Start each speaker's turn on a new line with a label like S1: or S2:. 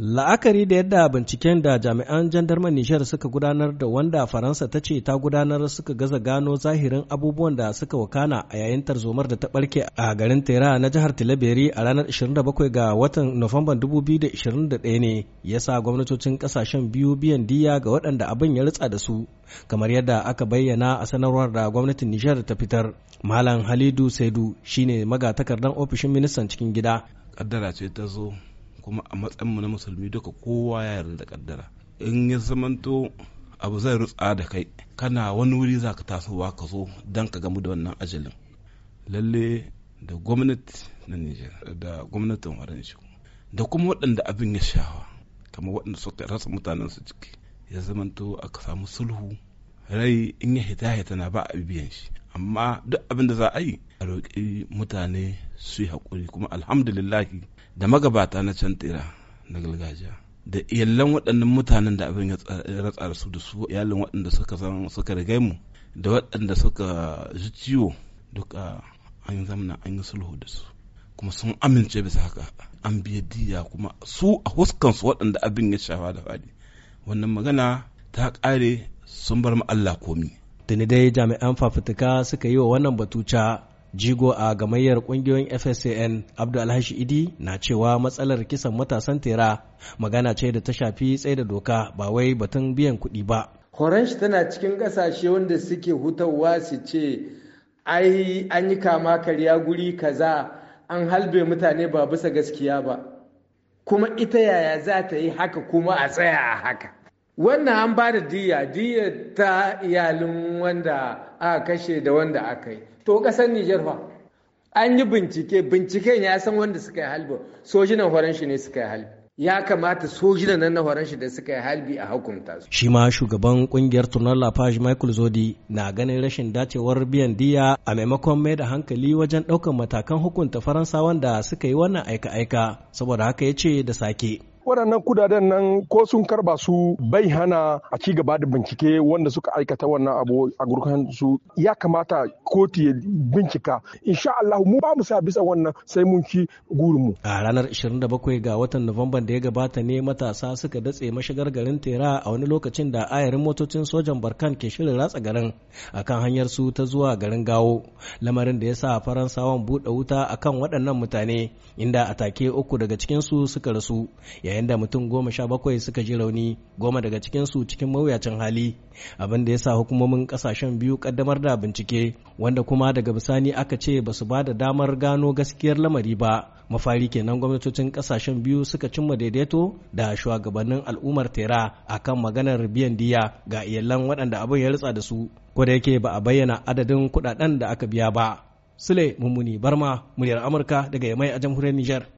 S1: La'akari da yadda binciken da jami'an jandarman Nijar suka gudanar da wanda Faransa ta ce ta gudanar suka gaza gano zahirin abubuwan da suka wakana a yayin tarzomar da ta barke a garin Tera na jihar Tilaberi a ranar 27 ga watan Nuwamban 2021 ne ya sa gwamnatocin kasashen biyu biyan diya ga waɗanda abin ya ritsa da su kamar yadda aka bayyana a sanarwar da gwamnatin Nijar ta fitar. Malam Halidu Saidu shine magatakardan ofishin ministan cikin gida.
S2: Kaddara ce ta zo kuma a matsayinmu na musulmi duka kowa ya yarda da kaddara in ya zamanto abu zai rutsa da kai kana wani wuri za ka tasowa ka zo don ka gamu da wannan ajalin lalle da gwamnati na nijar da gwamnatin waranshi da kuma waɗanda abin ya shawa kamar waɗanda suka rasa mutanen su ciki ya zamanto aka samu sulhu rai in ya hita hita na ba a biyan shi amma duk abin da za a yi a roƙi mutane su yi haƙuri kuma alhamdulillahi da magabata na can tera na gargajiya da iyalan waɗannan mutanen da abin ya ratsa su da su iyalin waɗanda suka san suka riga mu da waɗanda suka ji ciwo duka ah, an zamana an yi sulhu da su kuma sun amince bisa haka an biya diya kuma su a huskansu waɗanda abin ya shafa da faɗi wannan magana ta ƙare sun bar mu
S1: Allah komi. Tuni dai jami'an fafutuka suka yi wa wannan batuca jigo a gamayyar kungiyoyin fsan abdu alhashi idi na cewa matsalar kisan matasan tera magana ce da ta shafi tsaye da doka ba wai batun biyan kuɗi ba
S3: horanshi tana cikin ƙasashe wanda suke hutawa su ce ai an yi kama karya guri kaza an halbe mutane ba bisa gaskiya ba kuma ita yaya za ta yi haka kuma a tsaya a haka wannan an ba da diya diya ta iyalin wanda aka kashe da wanda aka yi to kasar Nijar fa an yi bincike binciken ya san wanda suka yi halbi sojinan horon shi ne suka yi halbi ya kamata sojinan nan na horon shi da suka yi halbi a hukunta su
S1: shi ma shugaban kungiyar tunan lafash michael zodi na ganin rashin dacewar biyan diya a maimakon mai da hankali wajen ɗaukar matakan hukunta faransa da suka yi wannan aika-aika saboda haka ya ce da sake
S2: waɗannan kudaden nan ko sun karba su bai hana a ci gaba da bincike wanda suka aikata wannan abu a gurkan su ya kamata kotu ya bincika insha Allah mu
S1: ba mu sa bisa wannan sai mun ci gurinmu a ranar 27 ga watan Nuwamban da ya gabata ne matasa suka datse mashigar garin Tera a wani lokacin da ayarin motocin sojan Barkan ke shirin ratsa garin akan hanyar su ta zuwa garin Gawo lamarin da ya sa Faransawan buɗe wuta akan waɗannan mutane inda atake uku daga cikin su suka rasu yayin da mutum goma sha bakwai suka ji rauni goma daga cikinsu cikin mawuyacin hali abin da ya sa hukumomin kasashen biyu kaddamar da bincike wanda kuma daga bisani aka ce ba su ba da damar gano gaskiyar lamari ba mafari kenan gwamnatocin kasashen biyu suka cimma daidaito da shugabannin al'ummar tera akan maganar biyan diya ga iyalan waɗanda abin ya rutsa da su ko da yake ba a bayyana adadin kuɗaɗen da aka biya ba sule mummuni barma muryar amurka daga yamai a jamhuriyar nijar.